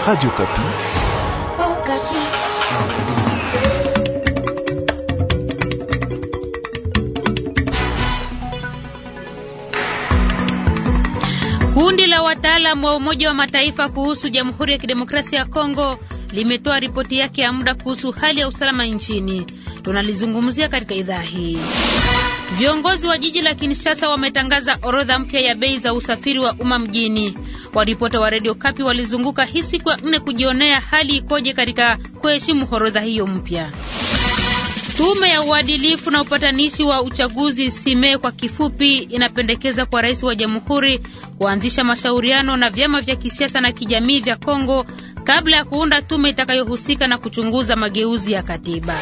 Radio Kapi. Oh, Kapi. Kundi la wataalamu wa Umoja wa Mataifa kuhusu Jamhuri ya Kidemokrasia ya Kongo limetoa ripoti yake ya muda kuhusu hali ya usalama nchini. Tunalizungumzia katika idhaa hii. Viongozi wa jiji la Kinshasa wametangaza orodha mpya ya bei za usafiri wa umma mjini. Waripota wa Radio Kapi walizunguka hii siku ya nne kujionea hali ikoje katika kuheshimu horodha hiyo mpya. Tume ya uadilifu na upatanishi wa uchaguzi SIME kwa kifupi inapendekeza kwa rais wa jamhuri kuanzisha mashauriano na vyama vya kisiasa na kijamii vya Kongo kabla ya kuunda tume itakayohusika na kuchunguza mageuzi ya katiba.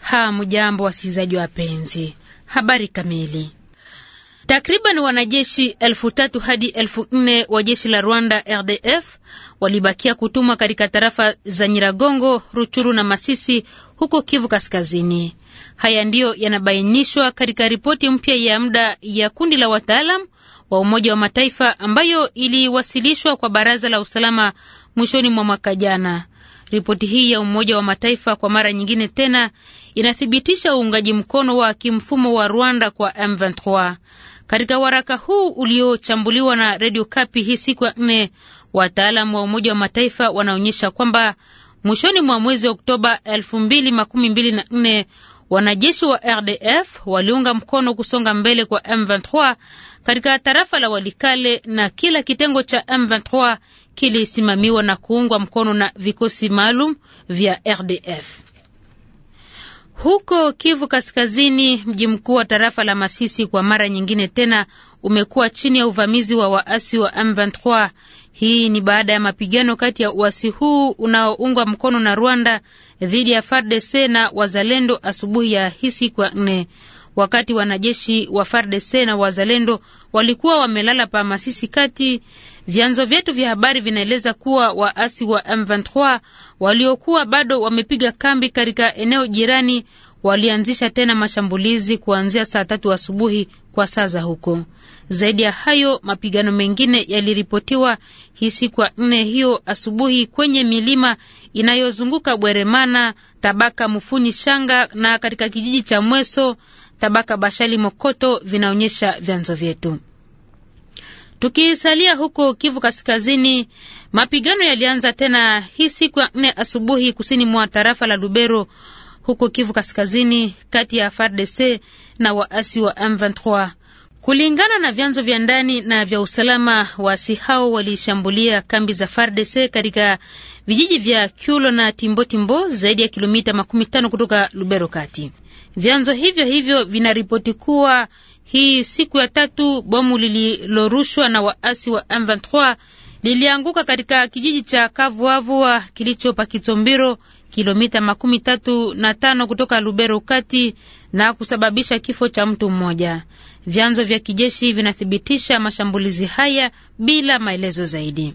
Hamjambo wasikilizaji wapenzi. Habari kamili. Takriban wanajeshi elfu tatu hadi elfu nne wa jeshi la Rwanda RDF walibakia kutumwa katika tarafa za Nyiragongo, Ruchuru na Masisi huko Kivu Kaskazini. Haya ndiyo yanabainishwa katika ripoti mpya ya muda ya kundi la wataalam wa Umoja wa Mataifa ambayo iliwasilishwa kwa Baraza la Usalama mwishoni mwa mwaka jana. Ripoti hii ya Umoja wa Mataifa kwa mara nyingine tena inathibitisha uungaji mkono wa kimfumo wa Rwanda kwa M23. Katika waraka huu uliochambuliwa na Radio Kapi hii siku ya nne, wataalamu wa Umoja wa Mataifa wanaonyesha kwamba mwishoni mwa mwezi Oktoba Wanajeshi wa RDF waliunga mkono kusonga mbele kwa M23 katika tarafa la Walikale na kila kitengo cha M23 kilisimamiwa na kuungwa mkono na vikosi maalum vya RDF. Huko Kivu Kaskazini, mji mkuu wa tarafa la Masisi kwa mara nyingine tena umekuwa chini ya uvamizi wa waasi wa M23. Hii ni baada ya mapigano kati ya uasi huu unaoungwa mkono na Rwanda dhidi ya FARDC na wazalendo asubuhi ya hii siku ya nne, wakati wanajeshi wa FARDC na wazalendo walikuwa wamelala pa Masisi kati Vyanzo vyetu vya habari vinaeleza kuwa waasi wa M23 waliokuwa bado wamepiga kambi katika eneo jirani walianzisha tena mashambulizi kuanzia saa tatu asubuhi kwa saa za huko. Zaidi ya hayo, mapigano mengine yaliripotiwa hii siku ya nne hiyo asubuhi kwenye milima inayozunguka Bweremana, tabaka Mufuni Shanga na katika kijiji cha Mweso, tabaka Bashali Mokoto, vinaonyesha vyanzo vyetu. Tukisalia huko Kivu Kaskazini, mapigano yalianza tena hii siku ya nne asubuhi kusini mwa tarafa la Lubero huko Kivu Kaskazini, kati ya FARDC na waasi wa M23. Kulingana na vyanzo vya ndani na vya usalama, waasi hao walishambulia kambi za FARDC katika vijiji vya Kyulo na Timbotimbo, zaidi ya kilomita makumi tano kutoka Lubero kati. Vyanzo hivyo hivyo vinaripoti kuwa hii siku ya tatu bomu lililorushwa na waasi wa M23 lilianguka katika kijiji cha Kavuavua kilicho Pakitombiro, kilomita makumi tatu na tano kutoka Lubero kati na kusababisha kifo cha mtu mmoja. Vyanzo vya kijeshi vinathibitisha mashambulizi haya bila maelezo zaidi.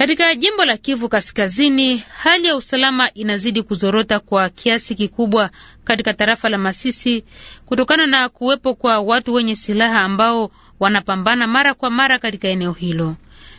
Katika jimbo la Kivu Kaskazini, hali ya usalama inazidi kuzorota kwa kiasi kikubwa katika tarafa la Masisi kutokana na kuwepo kwa watu wenye silaha ambao wanapambana mara kwa mara katika eneo hilo.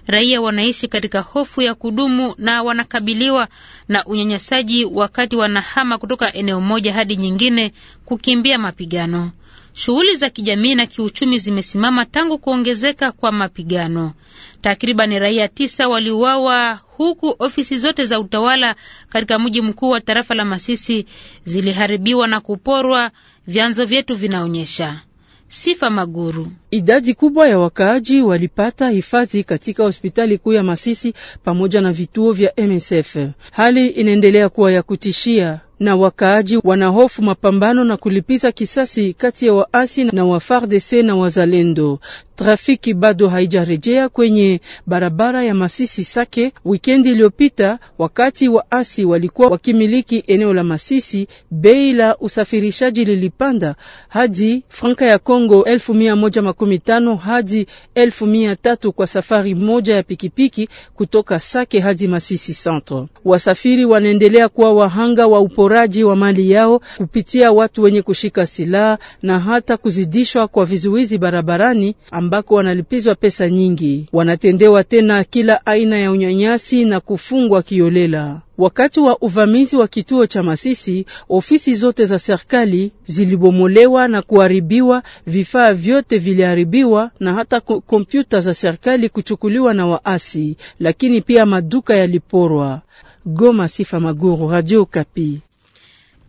Raia wanaishi katika hofu ya kudumu na wanakabiliwa na unyanyasaji wakati wanahama kutoka eneo moja hadi nyingine kukimbia mapigano shughuli za kijamii na kiuchumi zimesimama tangu kuongezeka kwa mapigano. Takriban raia tisa waliuawa huku ofisi zote za utawala katika mji mkuu wa tarafa la Masisi ziliharibiwa na kuporwa, vyanzo vyetu vinaonyesha. Sifa Maguru. Idadi kubwa ya wakaaji walipata hifadhi katika hospitali kuu ya Masisi pamoja na vituo vya MSF. Hali inaendelea kuwa ya kutishia na wakaaji wanahofu mapambano na kulipiza kisasi kati ya waasi na wa FARDC na wazalendo. Trafiki bado haijarejea kwenye barabara ya Masisi Sake. Wikendi iliyopita, wakati waasi walikuwa wakimiliki eneo la Masisi, bei la usafirishaji lilipanda hadi franka ya congo 115 hadi 13 kwa safari moja ya pikipiki kutoka Sake hadi Masisi Centre. Wasafiri wanaendelea kuwa wahanga wa upora uporaji wa mali yao kupitia watu wenye kushika silaha na hata kuzidishwa kwa vizuizi barabarani ambako wanalipizwa pesa nyingi. Wanatendewa tena kila aina ya unyanyasi na kufungwa kiolela. Wakati wa uvamizi wa kituo cha Masisi, ofisi zote za serikali zilibomolewa na kuharibiwa, vifaa vyote viliharibiwa na hata kompyuta za serikali kuchukuliwa na waasi, lakini pia maduka yaliporwa. Goma, Sifa Maguru, Radio Kapi.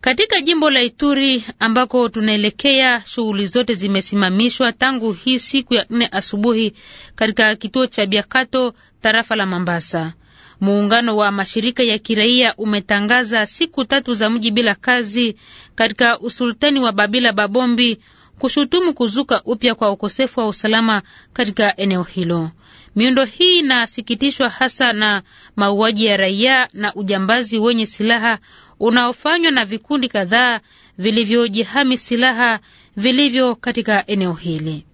Katika jimbo la Ituri ambako tunaelekea, shughuli zote zimesimamishwa tangu hii siku ya nne asubuhi katika kituo cha Biakato, tarafa la Mambasa. Muungano wa mashirika ya kiraia umetangaza siku tatu za mji bila kazi katika usultani wa Babila Babombi, kushutumu kuzuka upya kwa ukosefu wa usalama katika eneo hilo. Miundo hii inasikitishwa hasa na mauaji ya raia na ujambazi wenye silaha unaofanywa na vikundi kadhaa vilivyojihami silaha vilivyo katika eneo hili.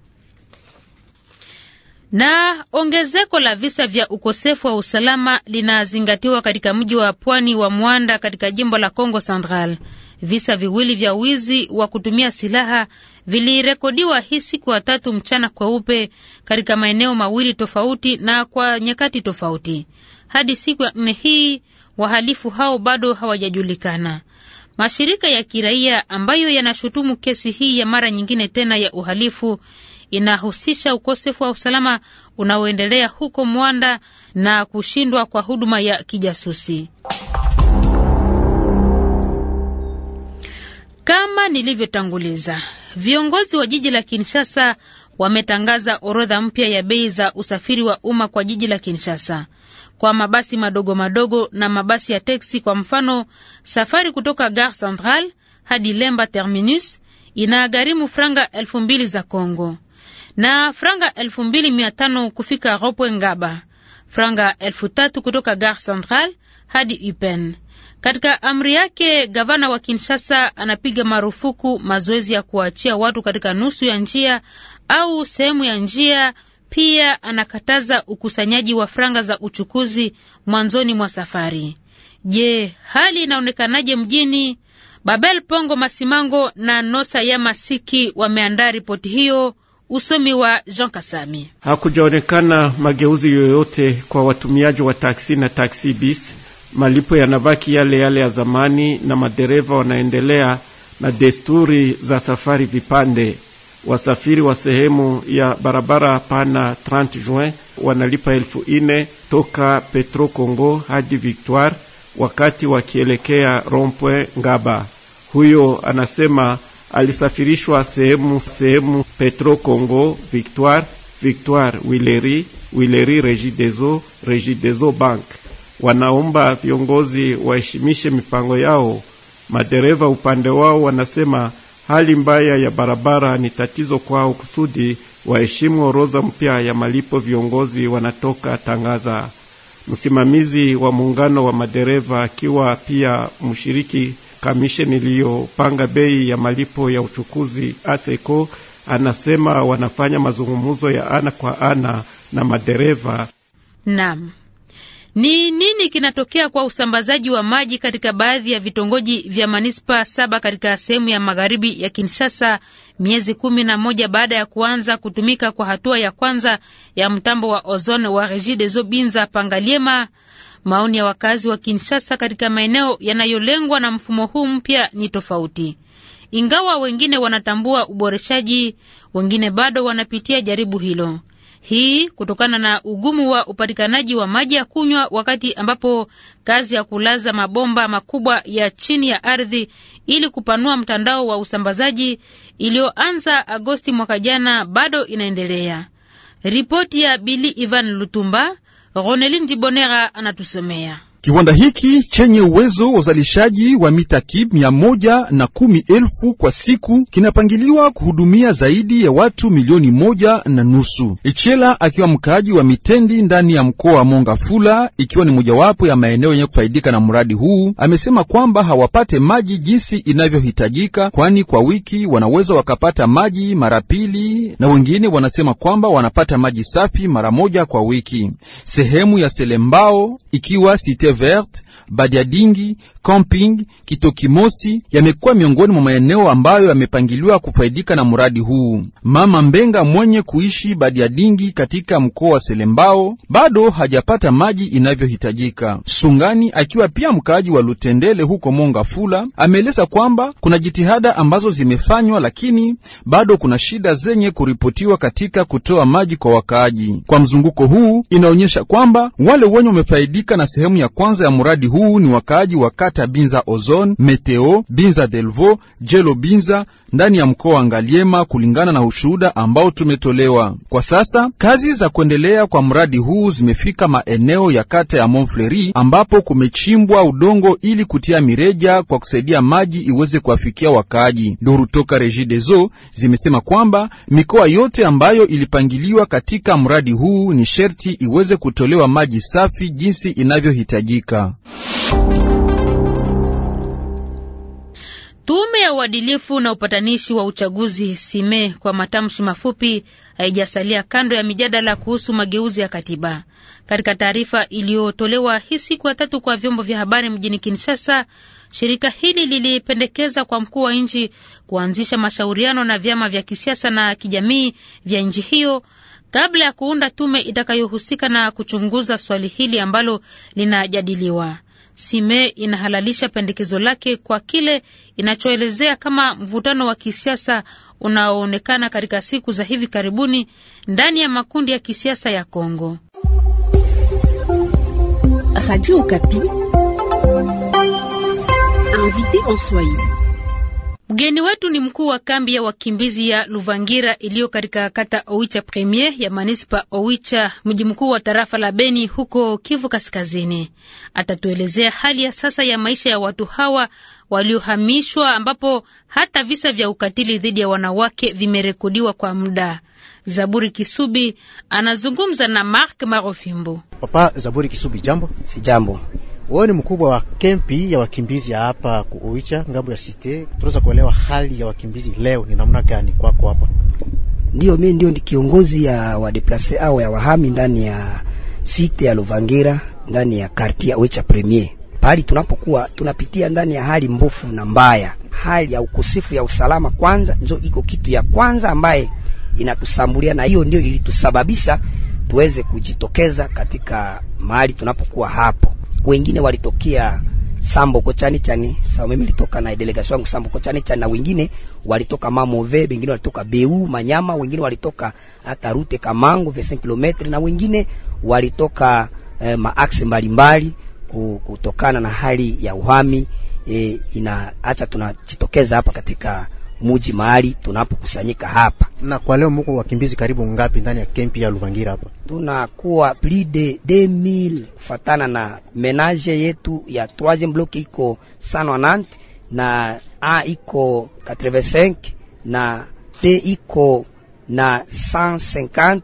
Na ongezeko la visa vya ukosefu wa usalama linazingatiwa katika mji wa pwani wa Mwanda katika jimbo la Congo Central. Visa viwili vya wizi wa kutumia silaha vilirekodiwa hii siku ya tatu mchana kweupe katika maeneo mawili tofauti na kwa nyakati tofauti. Hadi siku ya nne hii wahalifu hao bado hawajajulikana. Mashirika ya kiraia ambayo yanashutumu kesi hii ya mara nyingine tena ya uhalifu inahusisha ukosefu wa usalama unaoendelea huko Mwanda na kushindwa kwa huduma ya kijasusi. Kama nilivyotanguliza, viongozi wa jiji la Kinshasa wametangaza orodha mpya ya bei za usafiri wa umma kwa jiji la Kinshasa kwa mabasi madogo madogo na mabasi ya teksi. Kwa mfano, safari kutoka Gare Central hadi Lemba Terminus inagharimu franga elfu mbili za Congo na franga elfu mbili mia tano kufika Ropwe Ngaba, franga elfu tatu kutoka Gare Central hadi Upen. Katika amri yake, gavana wa Kinshasa anapiga marufuku mazoezi ya kuachia watu katika nusu ya njia au sehemu ya njia. Pia anakataza ukusanyaji wa franga za uchukuzi mwanzoni mwa safari. Je, hali inaonekanaje mjini? Babel Pongo Masimango na Nosa ya Masiki wameandaa ripoti hiyo. Usomi wa Jean Kasami. Hakujaonekana mageuzi yoyote kwa watumiaji wa taksi na taksi bis. Malipo yanabaki yale yale ya zamani na madereva wanaendelea na desturi za safari vipande. Wasafiri wa sehemu ya barabara pana 30 Juin wanalipa elfu ine toka Petro Congo hadi Victoire wakati wakielekea Rompwe Ngaba. Huyo anasema alisafirishwa sehemu sehemu, Petro Congo, Victoire Victoire, Wileri Wileri, Regi Deso Bank. Wanaomba viongozi waheshimishe mipango yao. Madereva upande wao wanasema hali mbaya ya barabara ni tatizo kwao, kusudi waheshimu orodha mpya ya malipo viongozi wanatoka tangaza. Msimamizi wa muungano wa madereva akiwa pia mshiriki Kamisheni iliyopanga bei ya malipo ya uchukuzi ASECO anasema wanafanya mazungumzo ya ana kwa ana na madereva. Naam. Ni nini kinatokea kwa usambazaji wa maji katika baadhi ya vitongoji vya manispa saba katika sehemu ya magharibi ya Kinshasa miezi kumi na moja baada ya kuanza kutumika kwa hatua ya kwanza ya mtambo wa ozone wa Regideso Binza Pangaliema? Maoni ya wakazi wa Kinshasa katika maeneo yanayolengwa na mfumo huu mpya ni tofauti. Ingawa wengine wanatambua uboreshaji, wengine bado wanapitia jaribu hilo. Hii kutokana na ugumu wa upatikanaji wa maji ya kunywa, wakati ambapo kazi ya kulaza mabomba makubwa ya chini ya ardhi ili kupanua mtandao wa usambazaji iliyoanza Agosti mwaka jana bado inaendelea. Ripoti ya Bili Ivan Lutumba Ronelin Dibonera anatusomea. Kiwanda hiki chenye uwezo wa uzalishaji wa mita kib mia moja na kumi elfu kwa siku kinapangiliwa kuhudumia zaidi ya watu milioni moja na nusu. Ichela akiwa mkaaji wa Mitendi ndani ya mkoa wa Mongafula, ikiwa ni mojawapo ya maeneo yenye kufaidika na mradi huu, amesema kwamba hawapate maji jinsi inavyohitajika, kwani kwa wiki wanaweza wakapata maji mara pili, na wengine wanasema kwamba wanapata maji safi mara moja kwa wiki. Sehemu ya Selembao ikiwa site Devert Badiadingi, camping Kitokimosi yamekuwa miongoni mwa maeneo ambayo yamepangiliwa kufaidika na mradi huu. Mama Mbenga mwenye kuishi Badiadingi katika mkoa wa Selembao bado hajapata maji inavyohitajika. Sungani akiwa pia mkaaji wa Lutendele huko Mongafula ameeleza kwamba kuna jitihada ambazo zimefanywa, lakini bado kuna shida zenye kuripotiwa katika kutoa maji kwa wakaaji. Kwa mzunguko huu inaonyesha kwamba wale wenye wamefaidika na sehemu ya kwanza ya mradi huu huu ni wakaaji wa kata Binza Ozone, Meteo Binza, Delvo Jelo Binza ndani ya mkoa wa Ngaliema, kulingana na ushuhuda ambao tumetolewa. Kwa sasa kazi za kuendelea kwa mradi huu zimefika maeneo ya kata ya Montfleri ambapo kumechimbwa udongo ili kutia mireja kwa kusaidia maji iweze kuwafikia wakaaji. Duru toka Regideso zimesema kwamba mikoa yote ambayo ilipangiliwa katika mradi huu ni sherti iweze kutolewa maji safi jinsi inavyohitajika. Tume ya uadilifu na upatanishi wa uchaguzi sime kwa matamshi mafupi haijasalia kando ya mijadala kuhusu mageuzi ya katiba. Katika taarifa iliyotolewa hii siku ya tatu kwa vyombo vya habari mjini Kinshasa, shirika hili lilipendekeza kwa mkuu wa nchi kuanzisha mashauriano na vyama vya kisiasa na kijamii vya nchi hiyo kabla ya kuunda tume itakayohusika na kuchunguza swali hili ambalo linajadiliwa. Sime inahalalisha pendekezo lake kwa kile inachoelezea kama mvutano wa kisiasa unaoonekana katika siku za hivi karibuni ndani ya makundi ya kisiasa ya Kongo. Radio Okapi. Mgeni wetu ni mkuu wa kambi ya wakimbizi ya Luvangira iliyo katika kata Oicha Premier ya manispa Oicha, mji mkuu wa tarafa la Beni huko Kivu Kaskazini. Atatuelezea hali ya sasa ya maisha ya watu hawa waliohamishwa, ambapo hata visa vya ukatili dhidi ya wanawake vimerekodiwa kwa muda. Zaburi Kisubi anazungumza na Mark Marofimbo. Papa Zaburi Kisubi, jambo. Si jambo. Wewe ni mkubwa wa kempi ya wakimbizi hapa kuoicha ngambo ya site, tunaweza kuelewa hali ya wakimbizi leo ni namna gani kwako hapa? Ndio, mimi ndio ni kiongozi ya wadeplase au ya wahami ndani ya site ya Luvangira ndani ya quartier Oicha Premier, pahali tunapokuwa tunapitia ndani ya hali mbofu na mbaya. Hali ya ukosefu ya usalama kwanza ndio iko kitu ya kwanza ambaye inatusambulia, na hiyo ndio ilitusababisha tuweze kujitokeza katika mahali tunapokuwa hapo wengine walitokea Sambo kochani chani sawa, mimi nilitoka na delegation yangu Sambo kochani chani, na wengine walitoka Mamove, wengine walitoka Beu Manyama, wengine walitoka hata Rute Kamango 5 km, na wengine walitoka eh, maaxe mbalimbali kutokana na hali ya uhami eh, inaacha tunachitokeza hapa katika muji mahali tunapokusanyika hapa. Na kwa leo muko wakimbizi karibu ngapi ndani ya kempi ya Luvangira hapa? Tunakuwa plus de 2000 kufatana na menage yetu ya 3e block iko 190 na A iko 85 na B iko na 150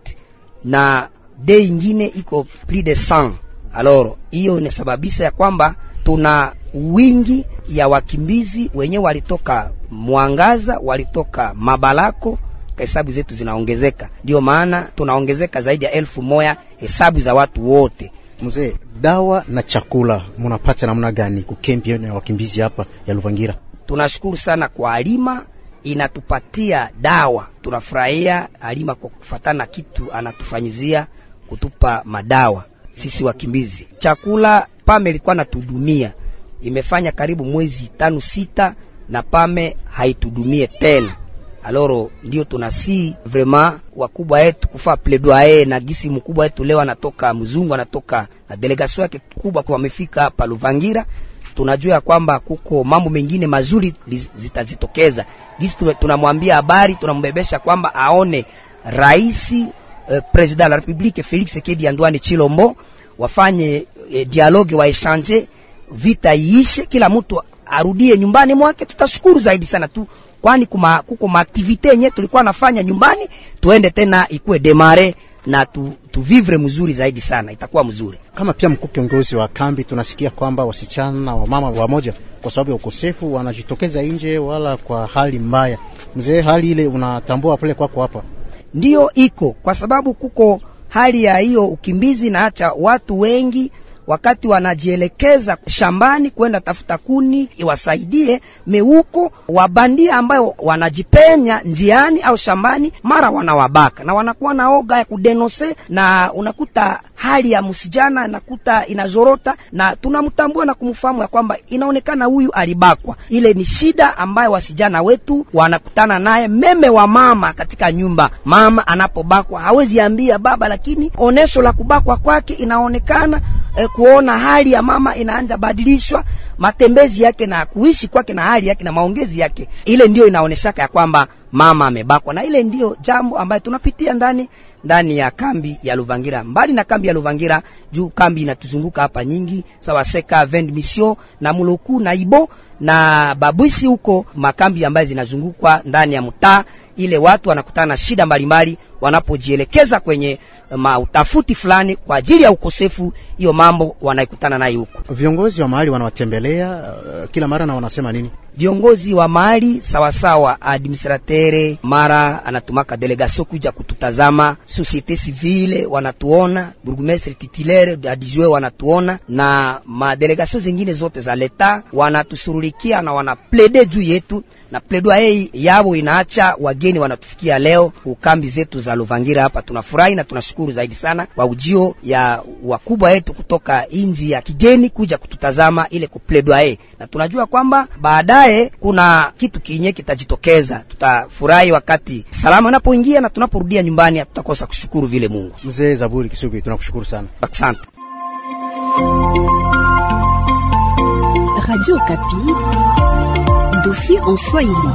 na D ingine iko plus de 100. Alors hiyo inasababisha ya kwamba tuna wingi ya wakimbizi wenye walitoka Mwangaza, walitoka Mabalako, hesabu zetu zinaongezeka, ndio maana tunaongezeka zaidi ya elfu moya hesabu za watu wote. Mzee, dawa na chakula munapata namna gani kukempi ya wakimbizi hapa ya Luvangira? Tunashukuru sana kwa alima inatupatia dawa, tunafurahia alima kwa kufatana na kitu anatufanyizia kutupa madawa sisi wakimbizi. Chakula Pame ilikuwa natudumia imefanya karibu mwezi tano sita, na pame haitudumie tena. Aloro ndio tunasi vraiment wakubwa yetu kufa plaidoyer na gisi mkubwa wetu leo anatoka mzungu anatoka na delegation yake kubwa kwa wamefika hapa Luvangira. Tunajua kwamba kuko mambo mengine mazuri zitazitokeza. Gisi tunamwambia habari, tunambebesha kwamba aone rais eh, president de la republique Felix Kedi Andwani Chilombo wafanye eh, dialogue wa échanger vita iishe, kila mtu arudie nyumbani mwake, tutashukuru zaidi sana tu, kwani kuma, kuko maaktivite yenye tulikuwa nafanya nyumbani, tuende tena ikuwe demare na tu, tuvivre mzuri zaidi sana, itakuwa mzuri. Kama pia mkuu kiongozi wa kambi, tunasikia kwamba wasichana na wamama wamoja, kwa sababu ya ukosefu, wanajitokeza nje, wala kwa hali mbaya. Mzee, hali ile unatambua pale kwako hapa? ndio iko kwa sababu kuko hali ya hiyo ukimbizi na hata watu wengi wakati wanajielekeza shambani kwenda tafuta kuni iwasaidie meuko wabandia ambayo wanajipenya njiani au shambani, mara wanawabaka na wanakuwa na oga ya kudenose, na unakuta hali ya msijana nakuta inazorota, na tunamtambua na kumfahamu ya kwamba inaonekana huyu alibakwa. Ile ni shida ambayo wasijana wetu wanakutana naye, meme wa mama katika nyumba. Mama anapobakwa hawezi ambia baba, lakini onesho la kubakwa kwake inaonekana eh, kuona hali ya mama inaanza badilishwa, matembezi yake na kuishi kwake na hali yake na maongezi yake, ile ndio inaoneshaka ya kwamba mama amebakwa, na ile ndio jambo ambayo tunapitia ndani ndani ya kambi ya Luvangira, mbali na kambi ya Luvangira juu kambi inatuzunguka hapa nyingi, sawa seka vend mission na Muluku na Ibo na Babwisi, huko makambi ambayo zinazungukwa ndani ya mtaa ile. Watu wanakutana na shida mbalimbali wanapojielekeza kwenye eh, mautafuti fulani kwa ajili ya ukosefu, hiyo mambo wanaikutana nayo huko. Viongozi wa mahali wanawatembelea uh, kila mara na wanasema nini? Viongozi wa mahali sawasawa, administratere mara anatumaka delegasio kuja kututazama societe civile wanatuona, burgumestre titulaire adjoint wanatuona, na madelegation zingine zote za leta wanatusurulikia na wanaplede juu yetu na pledoyer yao inaacha wageni wanatufikia leo ukambi zetu za Luvangira hapa. Tunafurahi na tunashukuru zaidi sana kwa ujio ya wakubwa wetu kutoka inji ya kigeni kuja kututazama ile kupledoyer, na tunajua kwamba baadaye kuna kitu kinye kitajitokeza. Tutafurahi wakati salama unapoingia na tunaporudia nyumbani, hatutakosa kushukuru vile Mungu. Mzee Zaburi Kisubi, tunakushukuru sana, asante. Radio Kapi Dossier en Swahili.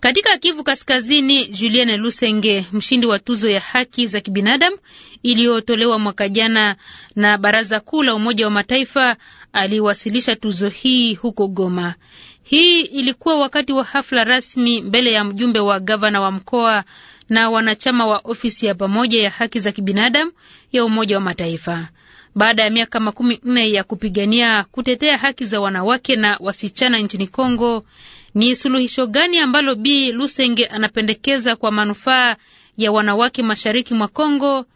Katika Kivu Kaskazini, Julien Lusenge, mshindi wa tuzo ya haki za kibinadamu iliyotolewa mwaka jana na Baraza Kuu la Umoja wa Mataifa, aliwasilisha tuzo hii huko Goma. Hii ilikuwa wakati wa hafla rasmi mbele ya mjumbe wa gavana wa mkoa na wanachama wa ofisi ya pamoja ya haki za kibinadamu ya Umoja wa Mataifa baada ya miaka makumi nne ya kupigania kutetea haki za wanawake na wasichana nchini Kongo. Ni suluhisho gani ambalo Bi Lusenge anapendekeza kwa manufaa ya wanawake mashariki mwa Kongo?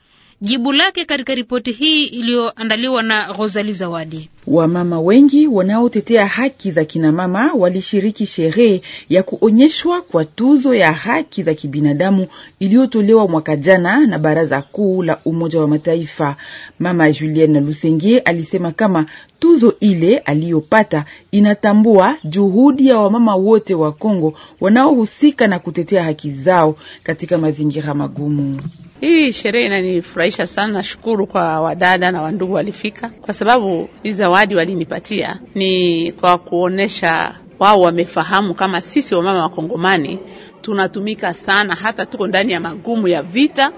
Jibu lake katika ripoti hii iliyoandaliwa na Rosali Zawadi. Wamama wengi wanaotetea haki za kinamama walishiriki sherehe ya kuonyeshwa kwa tuzo ya haki za kibinadamu iliyotolewa mwaka jana na Baraza Kuu la Umoja wa Mataifa. Mama Julienne Lusenge alisema kama tuzo ile aliyopata inatambua juhudi ya wamama wote wa Kongo wanaohusika na kutetea haki zao katika mazingira magumu. Hii sherehe inanifurahisha sana. Nashukuru kwa wadada na wandugu walifika, kwa sababu hizi zawadi walinipatia ni kwa kuonesha wao wamefahamu kama sisi wamama wakongomani tunatumika sana, hata tuko ndani ya magumu ya vita,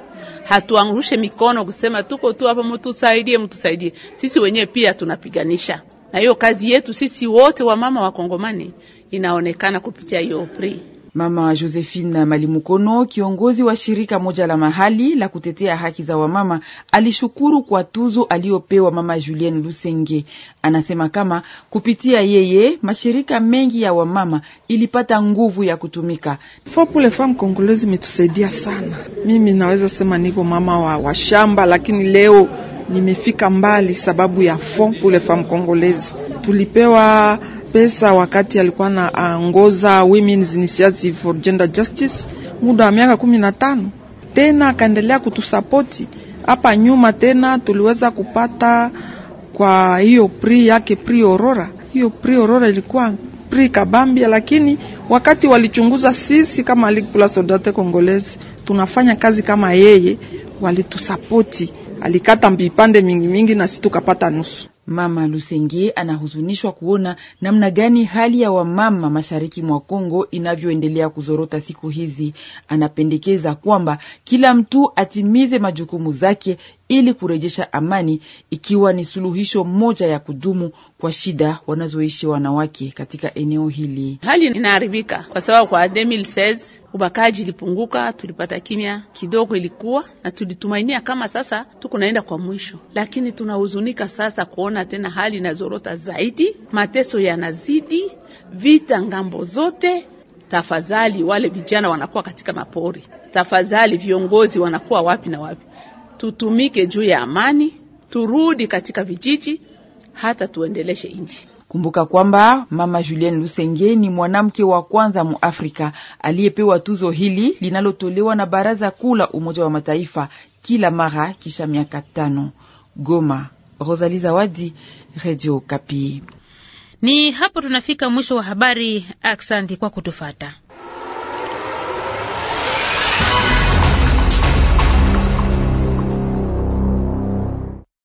hatuangushe mikono kusema tuko tu hapa, mtusaidie, mtusaidie. Sisi wenyewe pia tunapiganisha, na hiyo kazi yetu sisi wote wamama wakongomani inaonekana kupitia hiyo Mama Josephine Malimukono, kiongozi wa shirika moja la mahali la kutetea haki za wamama, alishukuru kwa tuzo aliyopewa Mama Julien Lusenge. Anasema kama kupitia yeye mashirika mengi ya wamama ilipata nguvu ya kutumika. Fopulefam Kongolezi imetusaidia sana. Mimi naweza sema niko mama wa, wa shamba, lakini leo nimefika mbali sababu ya Fopulefam Kongolezi tulipewa pesa wakati alikuwa na anaongoza ah, Women's Initiative for Gender Justice muda wa miaka kumi na tano. Tena akaendelea kutusapoti hapa nyuma, tena tuliweza kupata kwa hiyo pri yake pri Aurora. Hiyo pri Aurora ilikuwa pri kabambia, lakini wakati walichunguza sisi kama Ligue pour la Solidarite Congolaise tunafanya kazi kama yeye, walitusapoti alikata vipande mingi mingi, na sisi tukapata nusu. Mama Lusenge anahuzunishwa kuona namna gani hali ya wamama mashariki mwa Kongo inavyoendelea kuzorota siku hizi. Anapendekeza kwamba kila mtu atimize majukumu zake ili kurejesha amani, ikiwa ni suluhisho moja ya kudumu kwa shida wanazoishi wanawake katika eneo hili. Hali inaharibika kwa sababu kwa 2016 ubakaji ilipunguka, tulipata kimya kidogo ilikuwa na tulitumainia kama sasa tuko naenda kwa mwisho, lakini tunahuzunika sasa kuona tena hali inazorota zaidi, mateso yanazidi, vita ngambo zote. Tafadhali wale vijana wanakuwa katika mapori, tafadhali viongozi wanakuwa wapi na wapi? tutumike juu ya amani, turudi katika vijiji, hata tuendeleshe nchi. Kumbuka kwamba Mama julien Lusenge ni mwanamke wa kwanza mu Afrika aliyepewa tuzo hili linalotolewa na Baraza Kuu la Umoja wa Mataifa kila mara kisha miaka tano. Goma, Rosalie Zawadi, Radio Kapi. Ni hapo tunafika mwisho wa habari. Aksanti kwa kutufata.